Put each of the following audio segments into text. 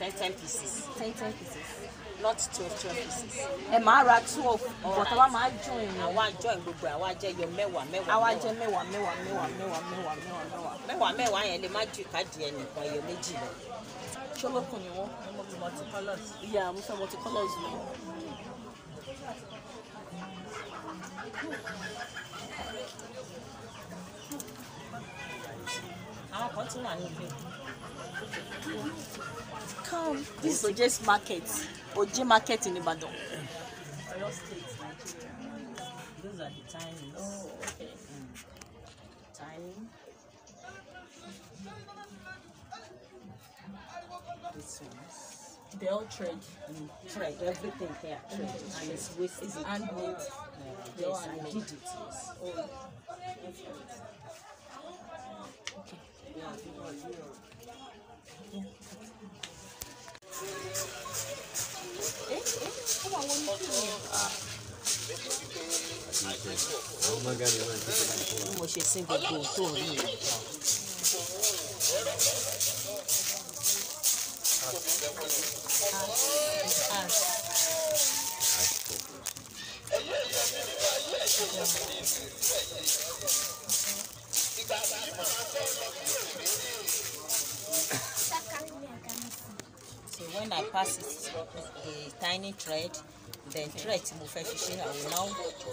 ten ten pieces. ten ten pieces. not twelve twelve pieces. ẹ máa ra twelve but àwa máa join yẹn. àwa join gbogbo àwa jẹ yọ mẹ́wàá mẹ́wàá. àwa jẹ mẹ́wàá mẹ́wàá mẹ́wàá mẹ́wàá mẹ́wàá mẹ́wàá mẹ́wàá. mẹ́wàá mẹ́wàá yẹn lè má ju káàdì ẹ nìkan yọ méjì lọ. ṣọlọkùn ni wọn. multicolours. ìyá mo fẹ́ multicolours ni. àwọn kan tún wà níbẹ̀ this is Ojes market Oje market in Ibadan. Oyo State, Nigeria. Those are the timings. Oh, okay. Mm. Timing. This one. They all trade. Mm. Trade. Everything here. trade. Mm. And it's waste. It's handmade. Yeah. yes, I did it. Yes. Oh. Yes. bí mo ṣe sin gbogbo tó rí i. Thank you. when I pass it the tiny thread then thread tí mo fẹ́ fi ṣe I will now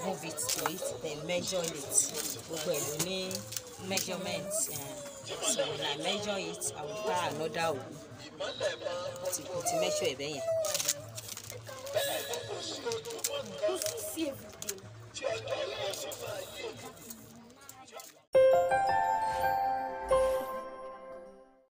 move it to it then measure it gbogbo ẹ̀ ló ní measurement eh, so when I measure it I will tie another one to measure ẹ̀ bẹ́yẹn.